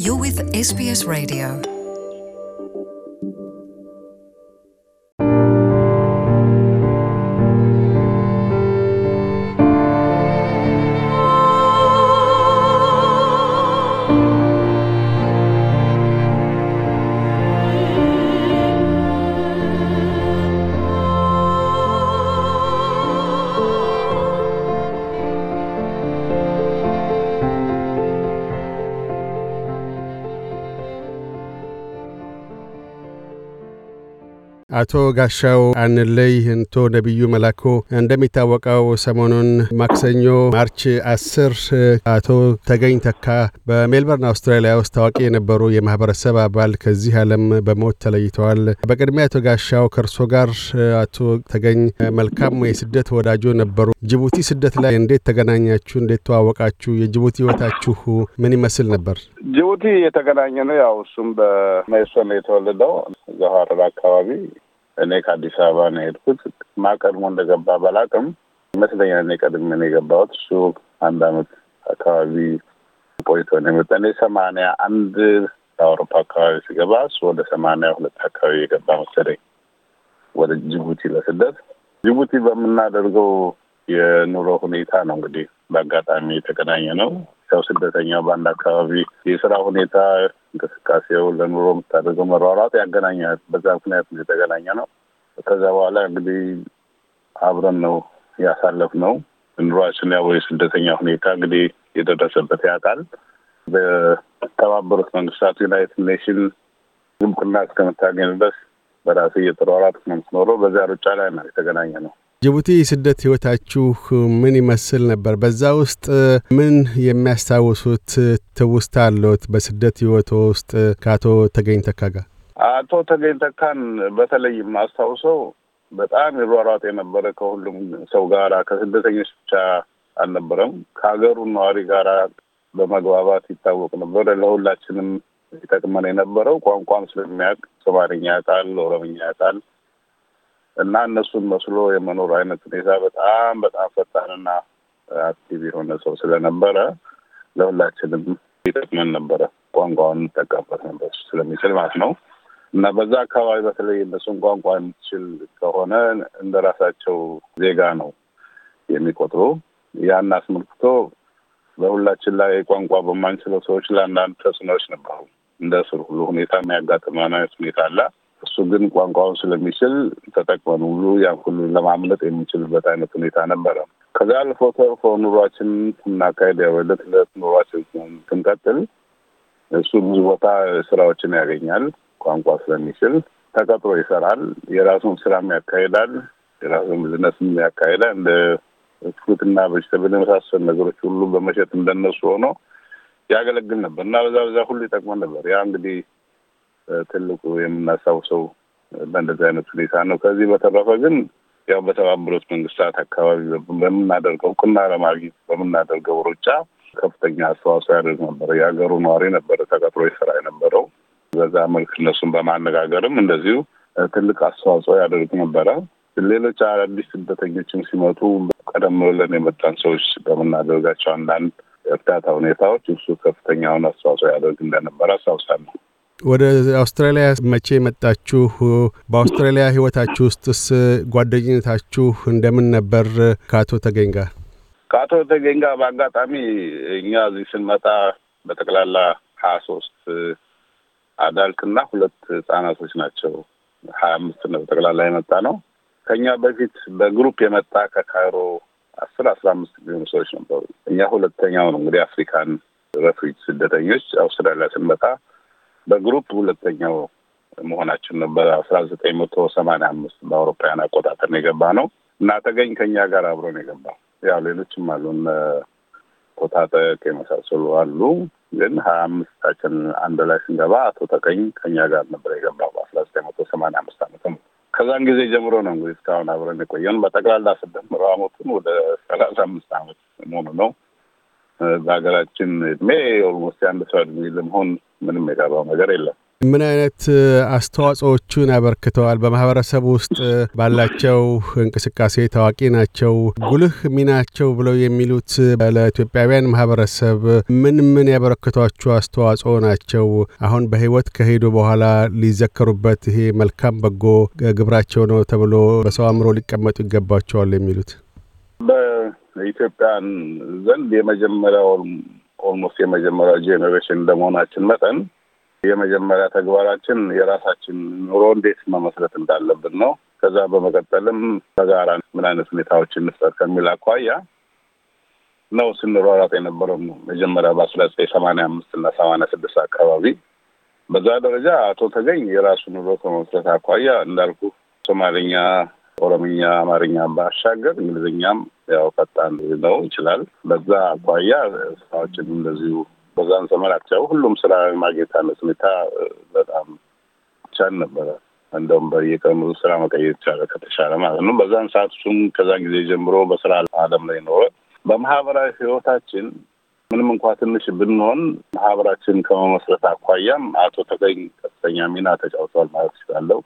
You're with SBS Radio. አቶ ጋሻው አንለይ እንቶ ነቢዩ መላኩ እንደሚታወቀው ሰሞኑን ማክሰኞ ማርች አስር አቶ ተገኝ ተካ በሜልበርን አውስትራሊያ ውስጥ ታዋቂ የነበሩ የማህበረሰብ አባል ከዚህ ዓለም በሞት ተለይተዋል። በቅድሚያ አቶ ጋሻው ከእርሶ ጋር አቶ ተገኝ መልካም የስደት ወዳጆ ነበሩ። ጅቡቲ ስደት ላይ እንዴት ተገናኛችሁ? እንዴት ተዋወቃችሁ? የጅቡቲ ህይወታችሁ ምን ይመስል ነበር? ጅቡቲ የተገናኘ ነው። ያው እሱም በሜሶን የተወለደው እዛ አካባቢ እኔ ከአዲስ አበባ ነው የሄድኩት። ማቀድሞ እንደገባ በላቅም ይመስለኛል እኔ ቀድሜ ነው የገባሁት። እሱ አንድ አመት አካባቢ ቆይቶ ነው የመጣ። እኔ ሰማንያ አንድ አውሮፓ አካባቢ ሲገባ እሱ ወደ ሰማንያ ሁለት አካባቢ የገባ መሰለኝ ወደ ጅቡቲ ለስደት። ጅቡቲ በምናደርገው የኑሮ ሁኔታ ነው እንግዲህ በአጋጣሚ የተገናኘ ነው። ያው ስደተኛ በአንድ አካባቢ የስራ ሁኔታ እንቅስቃሴው ለኑሮ የምታደርገው መሯሯጥ ያገናኛል። በዛ ምክንያት ነው የተገናኘ ነው። ከዛ በኋላ እንግዲህ አብረን ነው ያሳለፍ ነው ኑሯችን። ያው የስደተኛ ሁኔታ እንግዲህ የደረሰበት ያውቃል። በተባበሩት መንግስታት ዩናይትድ ኔሽን ድምቅና እስከምታገኝ ድረስ በራሴ እየተሯሯጥኩ ነው የምትኖረው። በዚያ ሩጫ ላይ ነው የተገናኘ ነው። ጅቡቲ ስደት ህይወታችሁ ምን ይመስል ነበር? በዛ ውስጥ ምን የሚያስታውሱት ትውስታ አለዎት? በስደት ህይወቶ ውስጥ ከአቶ ተገኝ ተካ ጋር አቶ ተገኝ ተካን በተለይ የማስታውሰው በጣም ይሯሯጥ የነበረ ከሁሉም ሰው ጋር ከስደተኞች ብቻ አልነበረም። ከሀገሩ ነዋሪ ጋር በመግባባት ይታወቅ ነበረ። ለሁላችንም ይጠቅመን የነበረው ቋንቋም ስለሚያውቅ ሶማሊኛ ያውቃል፣ ኦሮምኛ ያውቃል እና እነሱን መስሎ የመኖር አይነት ሁኔታ በጣም በጣም ፈጣንና አክቲቭ የሆነ ሰው ስለነበረ ለሁላችንም ይጠቅመን ነበረ። ቋንቋውን እንጠቀምበት ነበር ስለሚችል ማለት ነው። እና በዛ አካባቢ በተለይ እነሱን ቋንቋ የምትችል ከሆነ እንደ ራሳቸው ዜጋ ነው የሚቆጥሩ። ያን አስመልክቶ በሁላችን ላይ ቋንቋ በማንችለው ሰዎች ለአንዳንድ አንዳንድ ተጽዕኖዎች ነበሩ። እንደ ስር ሁሉ ሁኔታ የሚያጋጥመን ሁኔታ አለ። ግን ቋንቋውን ስለሚችል ተጠቅመን ሁሉ ያን ሁሉ ለማምለጥ የሚችልበት አይነት ሁኔታ ነበረ። ከዚ አልፎ ተርፎ ኑሯችን ስናካሄድ ያው ዕለት ዕለት ኑሯችን ስንቀጥል እሱ ብዙ ቦታ ስራዎችን ያገኛል። ቋንቋ ስለሚችል ተቀጥሮ ይሰራል። የራሱን ስራም ያካሄዳል። የራሱን ብዝነስም ያካሄዳል። እንደ ፍሩትና ቬጅተብል የመሳሰሉ ነገሮች ሁሉ በመሸጥ እንደነሱ ሆኖ ያገለግል ነበር እና በዛ በዛ ሁሉ ይጠቅመን ነበር ያ እንግዲህ ትልቁ የምናስታውሰው በእንደዚህ አይነት ሁኔታ ነው። ከዚህ በተረፈ ግን ያው በተባበሩት መንግስታት አካባቢ በምናደርገው እውቅና ለማግኘት በምናደርገው ሩጫ ከፍተኛ አስተዋጽኦ ያደርግ ነበረ። የሀገሩ ነዋሪ ነበረ ተቀጥሮ ስራ የነበረው በዛ መልክ እነሱን በማነጋገርም እንደዚሁ ትልቅ አስተዋጽኦ ያደርግ ነበረ። ሌሎች አዳዲስ ስደተኞችም ሲመጡ ቀደም ብለን የመጣን ሰዎች በምናደርጋቸው አንዳንድ እርዳታ ሁኔታዎች እሱ ከፍተኛውን አስተዋጽኦ ያደርግ እንደነበረ አስታውሳለሁ። ወደ አውስትራሊያ መቼ መጣችሁ? በአውስትራሊያ ህይወታችሁ ውስጥስ ጓደኝነታችሁ እንደምን ነበር? ከአቶ ተገኝ ጋር ከአቶ ተገኝ ጋር በአጋጣሚ እኛ እዚህ ስንመጣ በጠቅላላ ሀያ ሶስት አዳልት እና ሁለት ህጻናቶች ናቸው። ሀያ አምስት ነው በጠቅላላ የመጣ ነው። ከእኛ በፊት በግሩፕ የመጣ ከካይሮ አስር አስራ አምስት የሚሆኑ ሰዎች ነበሩ። እኛ ሁለተኛው ነው እንግዲህ አፍሪካን ረፊጅ ስደተኞች አውስትራሊያ ስንመጣ በግሩፕ ሁለተኛው መሆናችን ነበረ። አስራ ዘጠኝ መቶ ሰማንያ አምስት በአውሮፓውያን አቆጣጠር የገባ ነው እና ተገኝ ከኛ ጋር አብሮን የገባ ያው ሌሎችም አሉን ኮታጠቅ የመሳሰሉ አሉ። ግን ሀያ አምስታችን አንድ ላይ ስንገባ አቶ ተቀኝ ከኛ ጋር ነበር የገባው በአስራ ዘጠኝ መቶ ሰማንያ አምስት ዓመተ ምህረት ከዛን ጊዜ ጀምሮ ነው እንግዲህ እስካሁን አብረን የቆየን። በጠቅላላ ስደምር አመቱን ወደ ሰላሳ አምስት ዓመት መሆኑ ነው። በሀገራችን እድሜ ኦልሞስት የአንድ ሰው እድሜ ለመሆን ምንም የቀረው ነገር የለም። ምን አይነት አስተዋጽኦዎቹን ያበርክተዋል? በማህበረሰብ ውስጥ ባላቸው እንቅስቃሴ ታዋቂ ናቸው። ጉልህ ሚናቸው ብለው የሚሉት ለኢትዮጵያውያን ማህበረሰብ ምን ምን ያበረክቷቸው አስተዋጽኦ ናቸው? አሁን በህይወት ከሄዱ በኋላ ሊዘከሩበት ይሄ መልካም በጎ ግብራቸው ነው ተብሎ በሰው አእምሮ ሊቀመጡ ይገባቸዋል የሚሉት በኢትዮጵያን ዘንድ የመጀመሪያውን ኦልሞስት የመጀመሪያ ጄኔሬሽን እንደመሆናችን መጠን የመጀመሪያ ተግባራችን የራሳችን ኑሮ እንዴት መመስረት እንዳለብን ነው። ከዛ በመቀጠልም በጋራ ምን አይነት ሁኔታዎች እንፍጠር ከሚል አኳያ ነው ስንሯሯጥ የነበረው መጀመሪያ በአስራ ዘጠኝ ሰማንያ አምስት እና ሰማንያ ስድስት አካባቢ በዛ ደረጃ አቶ ተገኝ የራሱ ኑሮ ከመመስረት አኳያ እንዳልኩ ሶማሊኛ፣ ኦሮምኛ፣ አማርኛ ባሻገር እንግሊዝኛም ያው ፈጣን ነው ይችላል። በዛ አኳያ ስራዎችን እንደዚሁ በዛን ዘመናቸው ሁሉም ስራ ማግኘታነት ሁኔታ በጣም ቻል ነበረ። እንደውም በየቀኑ ስራ መቀየር ይቻለ ከተሻለ ማለት ነው። በዛን ሰዓት እሱም ከዛ ጊዜ ጀምሮ በስራ አለም ላይ ኖረ። በማህበራዊ ህይወታችን ምንም እንኳ ትንሽ ብንሆን ማህበራችን ከመመስረት አኳያም አቶ ተገኝ ከፍተኛ ሚና ተጫውተዋል ማለት ይችላለው።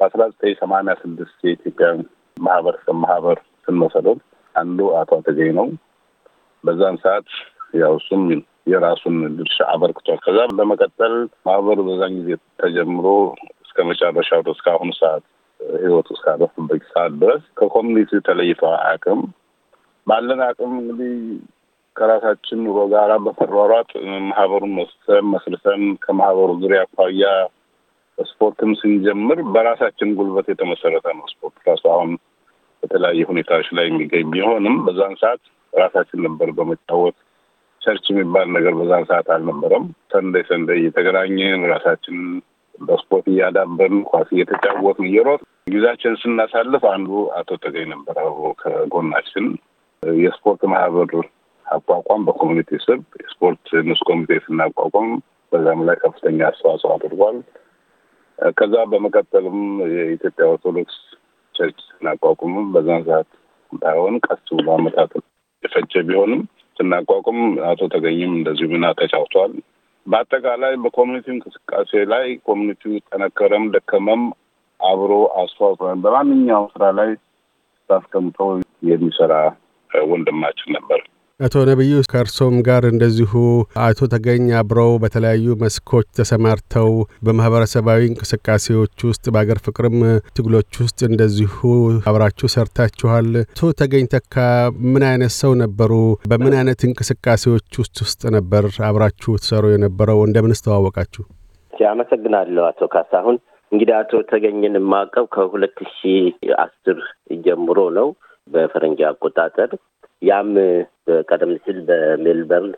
በአስራ ዘጠኝ ሰማንያ ስድስት የኢትዮጵያ ማህበረሰብ ማህበር ስንመሰረት አንዱ አቶ አተገኝ ነው። በዛን ሰዓት ያው እሱም የራሱን ድርሻ አበርክቷል። ከዛ በመቀጠል ማህበሩ በዛን ጊዜ ተጀምሮ እስከ መጨረሻው እስካሁኑ ሰዓት ህይወቱ እስካረፍበት ሰዓት ድረስ ከኮሚኒቲ ተለይቶ አቅም ባለን አቅም እንግዲህ ከራሳችን ኑሮ ጋራ በፈሯሯት ማህበሩን መስሰን መስልሰን ከማህበሩ ዙሪያ አኳያ ስፖርትም ስንጀምር በራሳችን ጉልበት የተመሰረተ ነው ስፖርት ራሱ አሁን በተለያየ ሁኔታዎች ላይ የሚገኝ ቢሆንም በዛን ሰዓት ራሳችን ነበር በመጫወት ቸርች የሚባል ነገር በዛን ሰዓት አልነበረም። ሰንደይ ሰንደይ እየተገናኘን ራሳችን በስፖርት እያዳበርን ኳስ እየተጫወትን እየሮት ጊዜያችን ስናሳልፍ አንዱ አቶ ተገኝ ነበር አብሮ ከጎናችን የስፖርት ማህበር አቋቋም በኮሚኒቲ ስር የስፖርት ንስ ኮሚቴ ስናቋቋም በዛም ላይ ከፍተኛ አስተዋጽኦ አድርጓል። ከዛ በመቀጠልም የኢትዮጵያ ኦርቶዶክስ ቸርች ስናቋቁምም በዛን ሰዓት ባይሆን ቀስ ብሎ አመታት የፈጀ ቢሆንም ስናቋቁም አቶ ተገኝም እንደዚሁ ሚና ተጫውቷል። በአጠቃላይ በኮሚኒቲ እንቅስቃሴ ላይ ኮሚኒቲ ጠነከረም ደከመም አብሮ አስተዋጽኦ በማንኛውም ስራ ላይ ታስቀምጦ የሚሰራ ወንድማችን ነበር። አቶ ነቢዩ ከእርሶም ጋር እንደዚሁ አቶ ተገኝ አብረው በተለያዩ መስኮች ተሰማርተው በማህበረሰባዊ እንቅስቃሴዎች ውስጥ በአገር ፍቅርም ትግሎች ውስጥ እንደዚሁ አብራችሁ ሰርታችኋል። አቶ ተገኝ ተካ ምን አይነት ሰው ነበሩ? በምን አይነት እንቅስቃሴዎች ውስጥ ውስጥ ነበር አብራችሁ ትሰሩ የነበረው? እንደምን ስተዋወቃችሁ? አመሰግናለሁ አቶ ካሳሁን። እንግዲህ አቶ ተገኝን የማውቀው ከሁለት ሺህ አስር ጀምሮ ነው በፈረንጅ አቆጣጠር ያም ቀደም ሲል በሜልበርን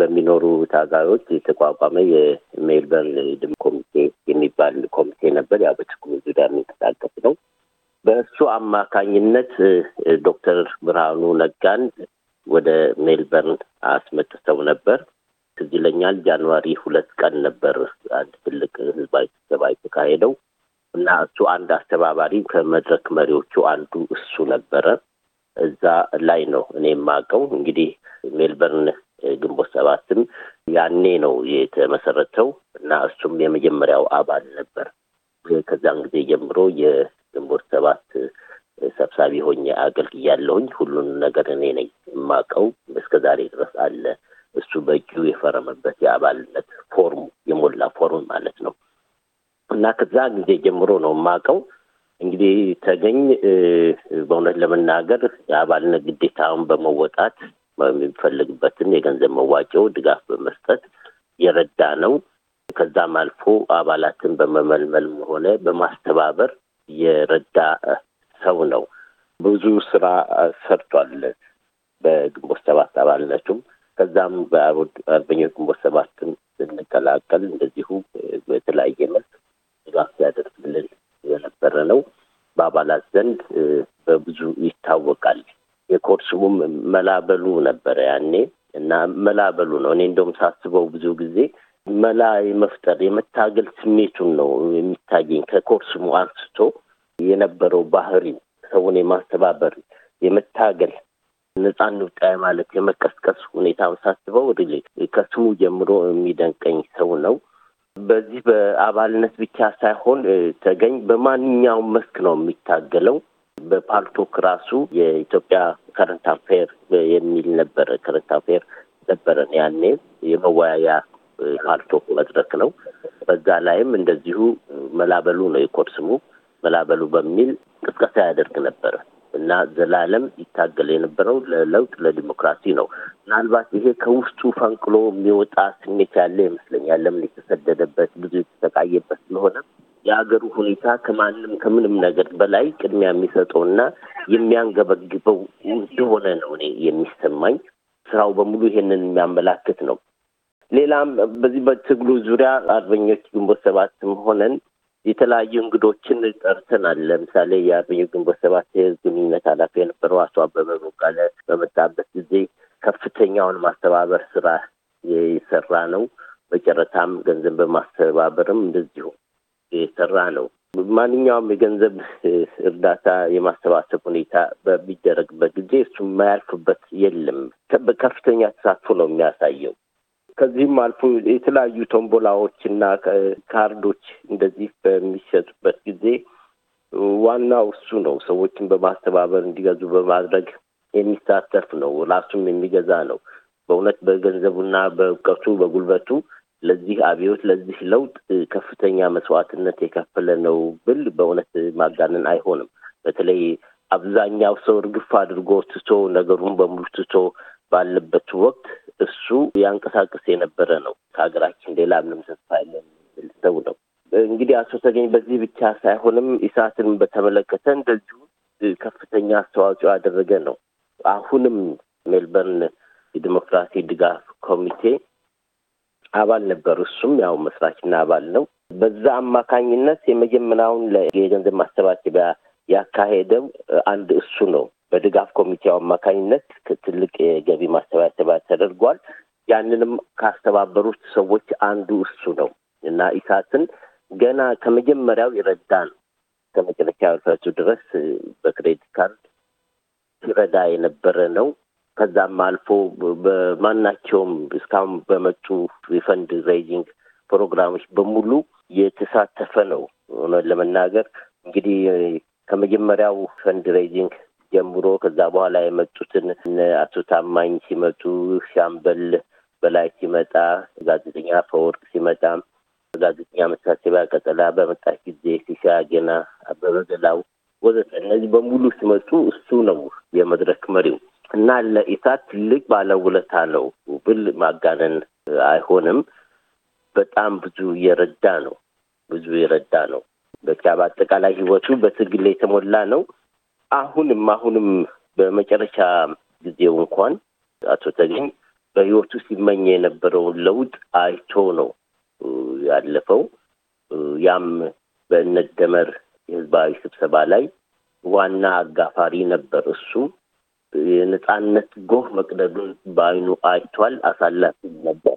በሚኖሩ ታጋዮች የተቋቋመ የሜልበርን ድም ኮሚቴ የሚባል ኮሚቴ ነበር። ያ በችግሩ ዙሪያ የሚንቀሳቀስ ነው። በእሱ አማካኝነት ዶክተር ብርሃኑ ነጋን ወደ ሜልበርን አስመጥተው ነበር። ትዝ ይለኛል ጃንዋሪ ሁለት ቀን ነበር አንድ ትልቅ ህዝባዊ ስብሰባ የተካሄደው እና እሱ አንድ አስተባባሪ ከመድረክ መሪዎቹ አንዱ እሱ ነበረ። እዛ ላይ ነው እኔ የማውቀው። እንግዲህ ሜልበርን ግንቦት ሰባትም ያኔ ነው የተመሰረተው እና እሱም የመጀመሪያው አባል ነበር። ከዛን ጊዜ ጀምሮ የግንቦት ሰባት ሰብሳቢ ሆኜ አገልግያለሁኝ። ሁሉን ነገር እኔ ነኝ የማውቀው እስከ ዛሬ ድረስ አለ። እሱ በእጁ የፈረመበት የአባልነት ፎርሙ የሞላ ፎርም ማለት ነው እና ከዛ ጊዜ ጀምሮ ነው የማውቀው። እንግዲህ ተገኝ በእውነት ለመናገር የአባልነት ግዴታውን በመወጣት የሚፈልግበትን የገንዘብ መዋጮ ድጋፍ በመስጠት የረዳ ነው። ከዛም አልፎ አባላትን በመመልመልም ሆነ በማስተባበር የረዳ ሰው ነው። ብዙ ስራ ሰርቷል። በግንቦት ሰባት አባልነቱም ከዛም በአርበኞች ግንቦት ሰባትን ስንቀላቀል እንደዚሁ በተለያየ መልክ ድጋፍ ሲያደርግልን የነበረ ነው። በአባላት ዘንድ በብዙ ይታወቃል። የኮድ መላበሉ ነበረ ያኔ እና መላበሉ ነው። እኔ እንደውም ሳስበው ብዙ ጊዜ መላ የመፍጠር የመታገል ስሜቱን ነው የሚታየኝ። ከኮድ አንስቶ የነበረው ባህሪ ሰውን የማስተባበር የመታገል ነጻ እንውጣ ማለት የመቀስቀስ ሁኔታ ሳስበው ሪሌ ከስሙ ጀምሮ የሚደንቀኝ ሰው ነው። በዚህ በአባልነት ብቻ ሳይሆን ተገኝ በማንኛውም መስክ ነው የሚታገለው። በፓልቶክ ራሱ የኢትዮጵያ ከረንት አፌር የሚል ነበረ። ከረንት አፌር ነበረን ያኔ የመወያያ ፓልቶክ መድረክ ነው። በዛ ላይም እንደዚሁ መላበሉ ነው የኮርስሙ መላበሉ በሚል ቅስቀሳ ያደርግ ነበረ። እና ዘላለም ይታገል የነበረው ለለውጥ ለዲሞክራሲ ነው። ምናልባት ይሄ ከውስጡ ፈንቅሎ የሚወጣ ስሜት ያለ ይመስለኛል። ለምን የተሰደደበት ብዙ የተሰቃየበት ስለሆነ የሀገሩ ሁኔታ ከማንም ከምንም ነገር በላይ ቅድሚያ የሚሰጠው እና የሚያንገበግበው እንደሆነ ነው እኔ የሚሰማኝ። ስራው በሙሉ ይሄንን የሚያመላክት ነው። ሌላም በዚህ በትግሉ ዙሪያ አርበኞች ግንቦት ሰባትም ሆነን የተለያዩ እንግዶችን ጠርተናል። ለምሳሌ የአርበኞች ግንቦት ሰባት የህዝብ ግንኙነት ኃላፊ የነበረው አቶ አበበ በቃለ በመጣበት ጊዜ ከፍተኛውን ማስተባበር ስራ የሰራ ነው። በጨረታም ገንዘብ በማስተባበርም እንደዚሁ የሰራ ነው። ማንኛውም የገንዘብ እርዳታ የማሰባሰብ ሁኔታ በሚደረግበት ጊዜ እሱ የማያልፍበት የለም። በከፍተኛ ተሳትፎ ነው የሚያሳየው። ከዚህም አልፎ የተለያዩ ቶምቦላዎች እና ካርዶች እንደዚህ በሚሸጡበት ጊዜ ዋናው እሱ ነው። ሰዎችን በማስተባበር እንዲገዙ በማድረግ የሚሳተፍ ነው። ራሱም የሚገዛ ነው። በእውነት በገንዘቡና በእውቀቱ በጉልበቱ ለዚህ አብዮት ለዚህ ለውጥ ከፍተኛ መስዋዕትነት የከፈለ ነው ብል በእውነት ማጋነን አይሆንም። በተለይ አብዛኛው ሰው እርግፍ አድርጎ ትቶ ነገሩን በሙሉ ትቶ ባለበት ወቅት እሱ ያንቀሳቅስ የነበረ ነው። ከሀገራችን ሌላ ምንም ተስፋ የለን ሰው ነው። እንግዲህ አቶ ተገኝ በዚህ ብቻ ሳይሆንም ኢሳትን በተመለከተ እንደዚሁ ከፍተኛ አስተዋጽኦ ያደረገ ነው። አሁንም ሜልበርን የዲሞክራሲ ድጋፍ ኮሚቴ አባል ነበር። እሱም ያው መስራችና አባል ነው። በዛ አማካኝነት የመጀመሪያውን የገንዘብ ማሰባሰቢያ ያካሄደው አንድ እሱ ነው። በድጋፍ ኮሚቴው አማካኝነት ትልቅ የገቢ ማሰባሰቢያ ተደርጓል። ያንንም ካስተባበሩት ሰዎች አንዱ እሱ ነው እና ኢሳትን ገና ከመጀመሪያው ይረዳ ነው ከመጨረሻ ያልፈቱ ድረስ በክሬዲት ካርድ ሲረዳ የነበረ ነው። ከዛም አልፎ በማናቸውም እስካሁን በመጡ የፈንድ ሬይዚንግ ፕሮግራሞች በሙሉ የተሳተፈ ነው። ሆኖ ለመናገር እንግዲህ ከመጀመሪያው ፈንድ ሬይዚንግ ጀምሮ ከዛ በኋላ የመጡትን አቶ ታማኝ ሲመጡ፣ ሻምበል በላይ ሲመጣ፣ ጋዜጠኛ ፈወርቅ ሲመጣ፣ ጋዜጠኛ መታሰቢያ ቀጠላ በመጣች ጊዜ ሲሻ ገና፣ አበበ ገላው ወዘተ እነዚህ በሙሉ ሲመጡ እሱ ነው የመድረክ መሪው እና ለኢሳት ትልቅ ባለውለታ ነው ብል ማጋነን አይሆንም። በጣም ብዙ የረዳ ነው ብዙ የረዳ ነው። በቃ በአጠቃላይ ህይወቱ በትግል የተሞላ ነው። አሁንም አሁንም በመጨረሻ ጊዜው እንኳን አቶ ተገኝ በህይወቱ ሲመኝ የነበረውን ለውጥ አይቶ ነው ያለፈው። ያም ደመር የህዝባዊ ስብሰባ ላይ ዋና አጋፋሪ ነበር። እሱ የነፃነት ጎህ መቅደዱን በአይኑ አይቷል። አሳላፊ ነበር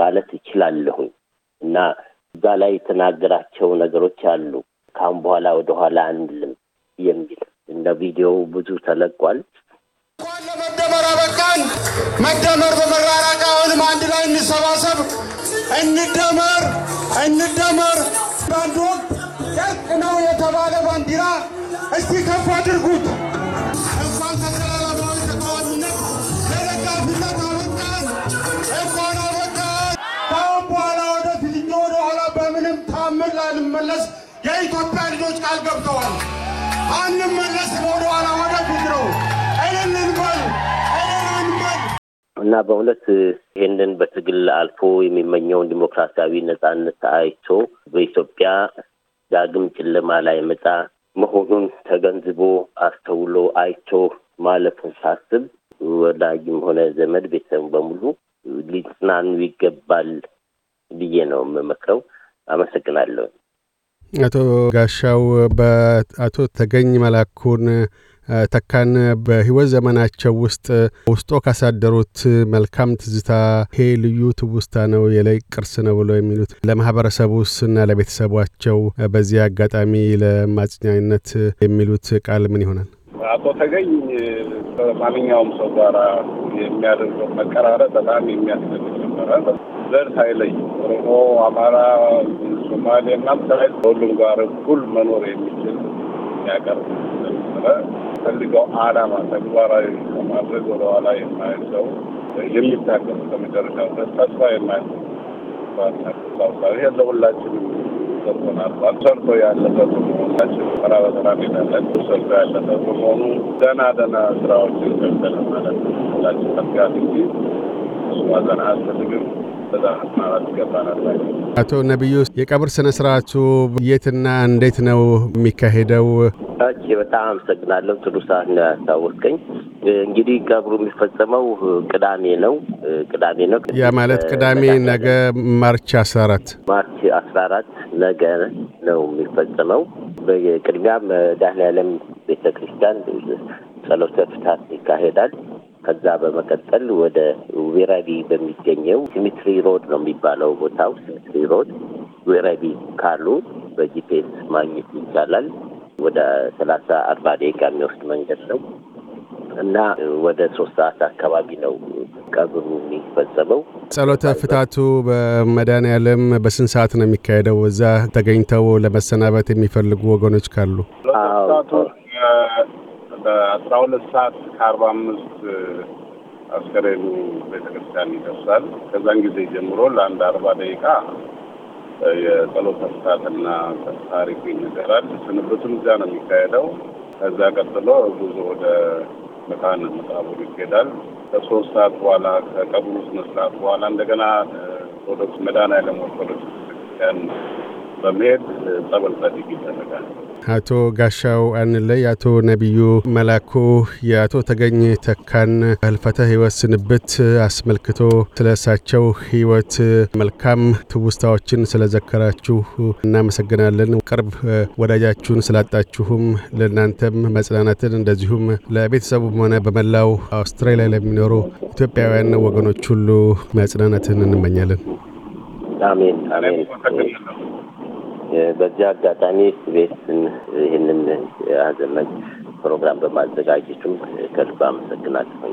ማለት ይችላለሁኝ እና እዛ ላይ የተናገራቸው ነገሮች አሉ። ካሁን በኋላ ወደኋላ አንልም እንደ ቪዲዮው ብዙ ተለቋል። እንኳን ለመደመር አበቃን። መደመር በመራራቅ አሁንም አንድ ላይ እንሰባሰብ፣ እንደመር፣ እንደመር። በአንድ ወቅት ጨርቅ ነው የተባለ ባንዲራ እስቲ ከፍ አድርጉት። እንኳን ተሰላለማዊ ተቃዋሚነት ለደጋፊነት እንኳን አበቃን። ከአሁን በምንም ታምር ላንመለስ የኢትዮጵያ ልጆች ቃል ገብተዋል። አንመለስም ወደኋላ ነው። እና በእውነት ይህንን በትግል አልፎ የሚመኘውን ዲሞክራሲያዊ ነጻነት አይቶ በኢትዮጵያ ዳግም ጨለማ ላይ መጣ መሆኑን ተገንዝቦ አስተውሎ አይቶ ማለፉን ሳስብ ወዳጅም ሆነ ዘመድ ቤተሰቡ በሙሉ ሊጽናኑ ይገባል ብዬ ነው የምመክረው። አመሰግናለሁ። አቶ ጋሻው በአቶ ተገኝ መላኩን ተካን በህይወት ዘመናቸው ውስጥ ውስጦ ካሳደሩት መልካም ትዝታ ይሄ ልዩ ትውስታ ነው የላይ ቅርስ ነው ብሎ የሚሉት ለማህበረሰቡስ እና ለቤተሰቧቸው በዚህ አጋጣሚ ለማጽኛነት የሚሉት ቃል ምን ይሆናል? አቶ ተገኝ በማንኛውም ሰው ጋራ የሚያደርገው መቀራረብ በጣም የሚያስደንቅ ነበረ። ዘር ሳይለይ ኦሮሞ፣ አማራ፣ ሶማሌ ምናምን ሳይል ከሁሉም ጋር እኩል መኖር የሚችል ያቀርብ ስለ ፈልገው አላማ ተግባራዊ ከማድረግ ወደኋላ የማይል ሰው የሚታገል ከመጨረሻ ድረስ ተስፋ የማይል ባሳሳሪ ለሁላችንም ሰርቶናል። ሰርቶ ያለበት በመሆናችን ተራ በተራ እንሄዳለን። ሰርቶ ያለበት በመሆኑ ደህና ደህና ስራዎችን ሰርተናል ማለት ነው። ሁላችን ተጋት እንጂ እሱ ማዘን አያስፈልግም። አቶ ነቢዩ የቀብር ስነ ስርዓቱ የትና እንዴት ነው የሚካሄደው? እጅ በጣም አመሰግናለሁ። ጥሩ ሰዓት ነው ያስታወስከኝ። እንግዲህ ቀብሩ የሚፈጸመው ቅዳሜ ነው። ቅዳሜ ነው። ያ ማለት ቅዳሜ ነገ ማርች አስራ አራት ማርች አስራ አራት ነገ ነው የሚፈጸመው። በቅድሚያ መድኃኔዓለም ቤተ ክርስቲያን ጸሎተ ፍትሐት ይካሄዳል። ከዛ በመቀጠል ወደ ዌራቢ በሚገኘው ሲሚትሪ ሮድ ነው የሚባለው ቦታው ሲሚትሪ ሮድ ዌራቢ ካሉ በጂፒኤስ ማግኘት ይቻላል። ወደ ሰላሳ አርባ ደቂቃ የሚወስድ መንገድ ነው እና ወደ ሶስት ሰዓት አካባቢ ነው ቀብሩ የሚፈጸመው። ጸሎተ ፍታቱ በመድኃኔዓለም በስንት ሰዓት ነው የሚካሄደው? እዛ ተገኝተው ለመሰናበት የሚፈልጉ ወገኖች ካሉ በአስራ ሁለት ሰዓት ከአርባ አምስት አስከሬኑ ቤተክርስቲያን ይደርሳል። ከዛን ጊዜ ጀምሮ ለአንድ አርባ ደቂቃ የጸሎት ተፍታትና ታሪክ ይነገራል። ስንብቱም እዚያ ነው የሚካሄደው። ከዛ ቀጥሎ ጉዞ ወደ መካነ መቃብሩ ይሄዳል። ከሶስት ሰዓት በኋላ ከቀብሩ ስነስርዓት በኋላ እንደገና ኦርቶዶክስ መድኃኔዓለም ኦርቶዶክስ ቤተክርስቲያን በመሄድ ጸበል ጸዲቅ ይደረጋል። አቶ ጋሻው አንለይ፣ አቶ ነቢዩ መላኩ የአቶ ተገኝ ተካን ህልፈተ ህይወት ስንብት አስመልክቶ ስለሳቸው ህይወት መልካም ትውስታዎችን ስለዘከራችሁ እናመሰግናለን። ቅርብ ወዳጃችሁን ስላጣችሁም ለእናንተም መጽናናትን እንደዚሁም ለቤተሰቡም ሆነ በመላው አውስትራሊያ ለሚኖሩ ኢትዮጵያውያን ወገኖች ሁሉ መጽናናትን እንመኛለን። አሜን አሜን። በዚህ አጋጣሚ ቤትን ይህንን አዘመድ ፕሮግራም በማዘጋጀቱም ከልብ አመሰግናለሁ።